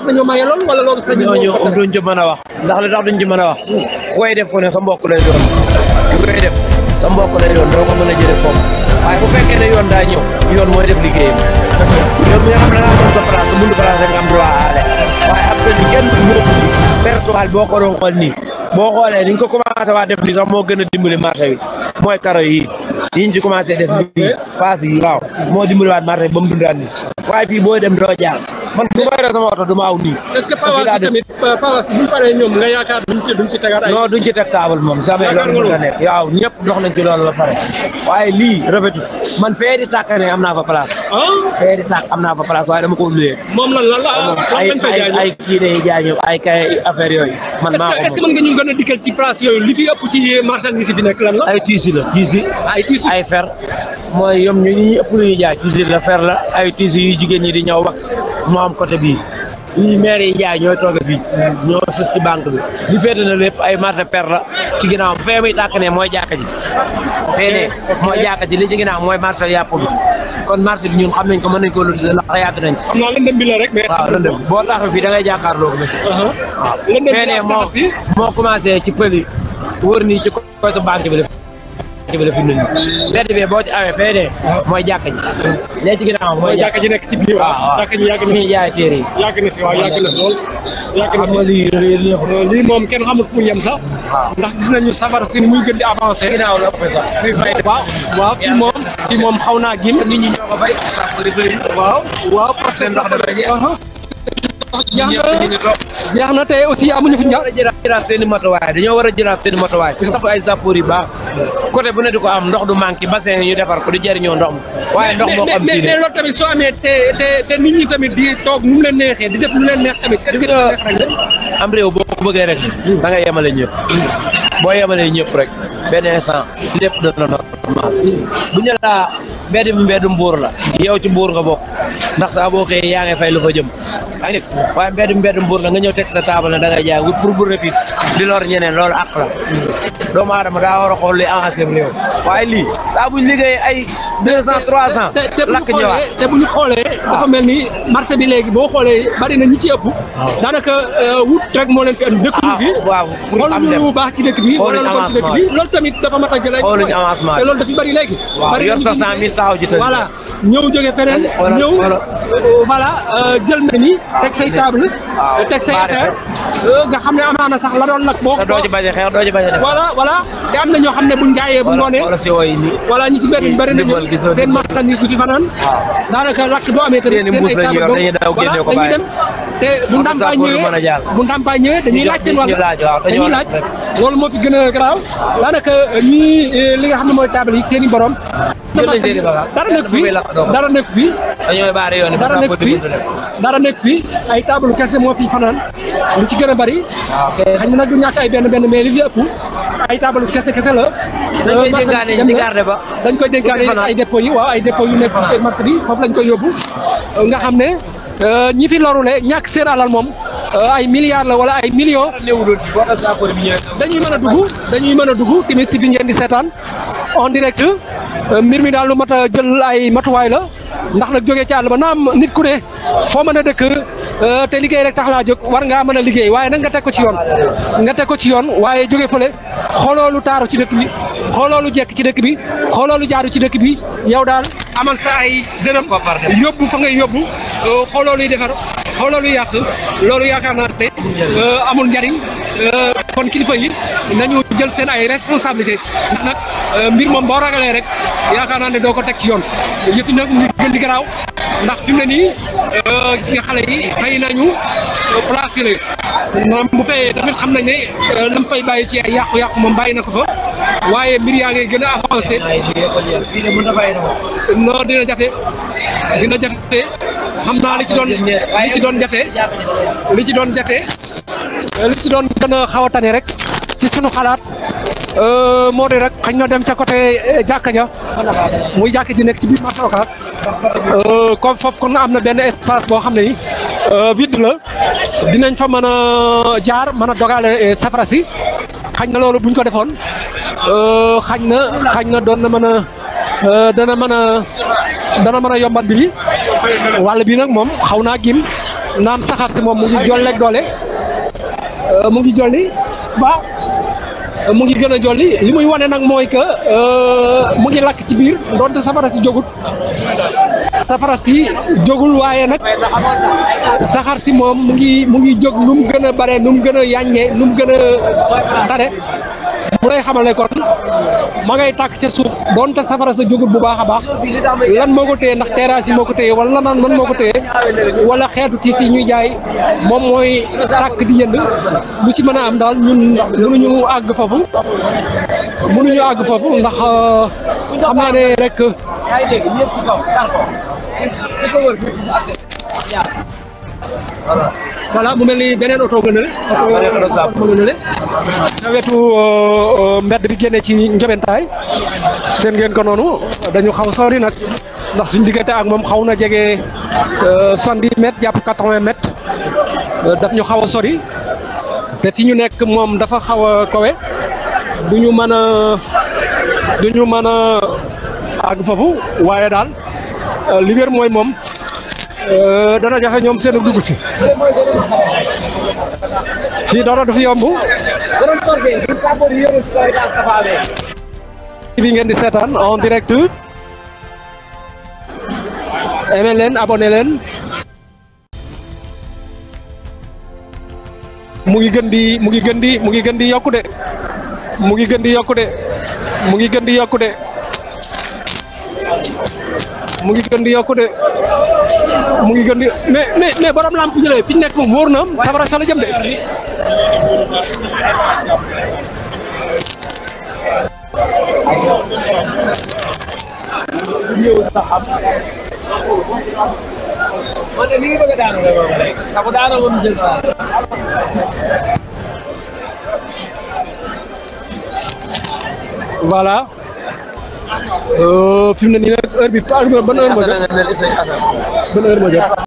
war nañoo maye loolu wala mën a wax ndax li tax duñ ci mën a wax koy def ku ne sa mbokk lay doon ku koy def sa mbokk lay doon doo ko mën yoon mooy def liggéey yoon bi nga xam ne dangaa moom sa place mundu place nga am droit ale waaye ab tëj kenn mënu pertuwaal boo ko doon xool nii boo xoolee niñ ko commencé waa def li sax moo gën a dimbali marché bi mooy karo yi yi ñu ci commencé def nii paas yi waaw moo dimbaliwaat marché ba mu dundaat nii waaye fii booy dem doo jaar man bu ma yoree sama oto du ma aw nii. yi tamit euh, Pawas taabal moom jamais ñëpp dox nañ ci loolu la pare waaye lii rafetul man fee di am naa fa place. Ah? fee di tàkk am naa fa place waaye dama ko luyee. moom lan lan la ay ay ay jaay ñëw ay kay affaire yooyu. man maa moom est nga ñu gën a dikkal ci place yooyu li fi ëpp ci marchandise yi fi nekk lan la. ay tissu la tissu. ay tissu ay fer. mooy yom ñu ñi ëpp lu ñuy jaay tissu la fer la ay tissu yu jigéen ñi di ñaw wax moo am côté bii. lii maire yi jaay ñooy tooge fii ñoo sës ci banque bi li féete na lépp ay marché per la ci ginnaaw fee muy tàkk ne mooy jàkka ji fee ne mooy jàkka ji li ci ginnaaw mooy marché yàpp kon marché bi ñun xam nañ ko mën nañ ko lotise ndax yàgg nañ ko naa lëndëm bi la rek mais waaw boo taxaw uh-huh. moo moo commencé ci pël yi wër nii ci côté banque bi la la fi nuyu mbedd bi boo ci awee fee de mooy jàkk ji léegi ci ginnaaw mooy jàkk ji nekk ci biir waaw jàkk ji yàgg na fi jaay téere yi yàgg na fi waaw yàgg na lool yàgg na fi lii moom kenn xamul fu mu yem sax ndax gis nañu safar si muy gën di avancé ginnaaw la ëpp sax waaw waaw fii moom fii moom xaw naa gim nit ñi ñoo ko bay waaw waaw parce que ndax jeex na te aussi amuñu fi ñaaw jëlaat seen i matuwaay dañoo war a jëlaat seen i matuwaay sapp a sappoor yu baax côté bu ne di ko am ndox du manqué bassin yi defar ko di jariñoo ndox mi waaye ndox moo xam mais loolu tamit soo amee te nit ñi tamit di toog nu mu neexee di def lu leen neex tamit am réew boo ko bëggee rek da nga yemale ñëpp boo yamalee ñëpp rek benn san lépp dana normal bu ñu laa mbedd mi mbeddum la yow ci buur nga bokk ndax saa boo xëyee yaa ngi fay lu fa jëm yaa ngi waaye mbedd mi mbeddum la nga ñëw teg sa taabal ne da ngay jaay wut pour bénéfice di lor ñeneen lool àq la doomu aadama daa war a xool li avancé bu waaye lii saa buñ liggéey ay deux cent trois cent lakk ñëwaat te bu ñu xoolee dafa mel ni marché bi léegi boo xoolee bari na ñi ci ëpp daanaka euh, wut rek moo leen fi andi dëkkuñu ah, waaw xooluñu lu baax ci dëkk bi wala lu bon ci dëkk tamit dafa mat a jëlee xooluñu avancement te loolu dafi bari léegi yor sa cent mille taxaw ji voilà ñëw jóge feneen ñëw voilà euh, euh, jël na ni teg say table teg say affaire euh, nga xam ne amaana sax la doon nag boo doo ci bañ a xeex doo ci bañ a voilà voilà te am na ñoo xam ne buñ jaayee bu ngoonee voilà ñi si mbedd bëri nañu seen marchandise du fi fanaan daanaka lakk boo amee tamit seen ay table dañuy dem te bu ndàmpaay ñëwee bu ndàmpaay ñëwee dañuy laaj seen wàll dañuy loolu moo fi gën a garaaw daanaka ñii eh, li nga xam ne mooy table yi seen i borom dara nekk fi dara nekk fi dara nekk fi dara nekk fi ay table kese moo fi fanaan lu ci gën a bari xañ na nag du ñàkk ay benn benn mais li fi ëpp ay table kese kese la dañ koy dénkaane ay dépôt yi waaw ay dépôt yu nekk ci marché bi foofu lañ koy yóbbu nga xam ne Euh, ñi fi lorule ñàkk seen alal moom euh, ay milliards la wala ay millions dañuy mën a dugg dañuy mën a dugg tamit si bi ngeen di seetaan en direct euh, mbir mi daal lu mat a jël ay matuwaay la ndax nag jóge ci àll ba naam nit ku ne foo mën a dëkk te liggéey rek tax laa jóg war ngaa mën a liggéey waaye nag nga teg ko ci yoon nga teg ko ci yoon waaye jóge fële xooloolu taaru ci dëkk bi xooloolu jekk ci dëkk bi xooloolu jaaru ci dëkk bi yow daal amal sa ay dërëm yóbbu fa ngay yóbbu euh, xooloo luy defar xooloo yàq loolu yaakaar naa euh, amul njariñ euh, kon kilifa yi nañu jël seen ay responsabilité ndax nag mbir moom boo ragalee rek yaakaar naa ne doo ko teg ci yoon yëf nag ñu gën di garaaw ndax fi mu ne nii gis nga xale yi xëy nañu placé leen bu feyee tamit xam nañ ne lam fay bàyyi ci ay yàqu-yàqu moom bàyyi na ko fa waaye mbir yaa ngi gën a avancé non dina jafe dina jafe naa li ci doon li doon jafe li ci doon jafe li ci doon gëna a xaw a rek ci sunu xalaat euh, moo di rek xañ na dem ca côté euh, jàkka ja muy jàkka ji nekk ci biir marché Ocass euh, comme foofu kon am na benn espace boo xam ne ni vide la dinañ fa mën a jaar mën a dogale safara si xañ na loolu buñ ko defoon euh, xañ na xañ na doon na mën a euh, dana mën a dana mën a yombat bi wàll bii nag moom xaw naa giim naam saxaar si moom mu ngi jolleeg doole euh, mu ngi jolli ba mu ngi gën a jolli li muy wane nag mooy que mu ngi lakk ci biir doonte safara si jógut safara si jógul waaye nag saxaar si moom mu ngi mu ngi jóg nu mu gën a bare nu mu gën a yàññee nu mu gën a tare mu lay xamal ne kon ma ngay tàkk ca suuf donte safara sa jógul bu baax a baax lan moo ko téye ndax terrasse yi moo ko téye wala lan man moo ko téye wala xeetu tiis yi ñuy jaay moom mooy tàkk di jënd lu ci mën a am daal ñun mënuñu àgg foofu mënuñu àgg foofu ndax euh, xam rek voilà mu mel ni beneen oto nga wetu euh, euh, mbedd bi génne ci njobentaay seen ngeen ko noonu dañu xaw sori nag ndax suñ diggante ak moom xaw na jege euh, soixante-dix mètres jàpp quatre-vingts mètres daf ñu xaw a sori te fi ñu nekk moom dafa xaw a kowe du ñu mën a du ñu mën a àgg foofu waaye daal. Euh, li wér mooy moom euh, dana jafe ñoom seen a dugg si si dara du fi yomb bi ngeen di seetaan en direct aimé leen abonné leen mu ngi gën di mu ngi gën mu ngi gën di yokku de mu ngi gën di yokku de mu ngi gën di yokku de mu ngi gën di yokku de mu ngi gën di mais mais mais borom lamp ji la fi ñu nekk moom wóor na safara sa la jëm de. voilà euh, fi ne nii heure bi heure bi ban heure moo jot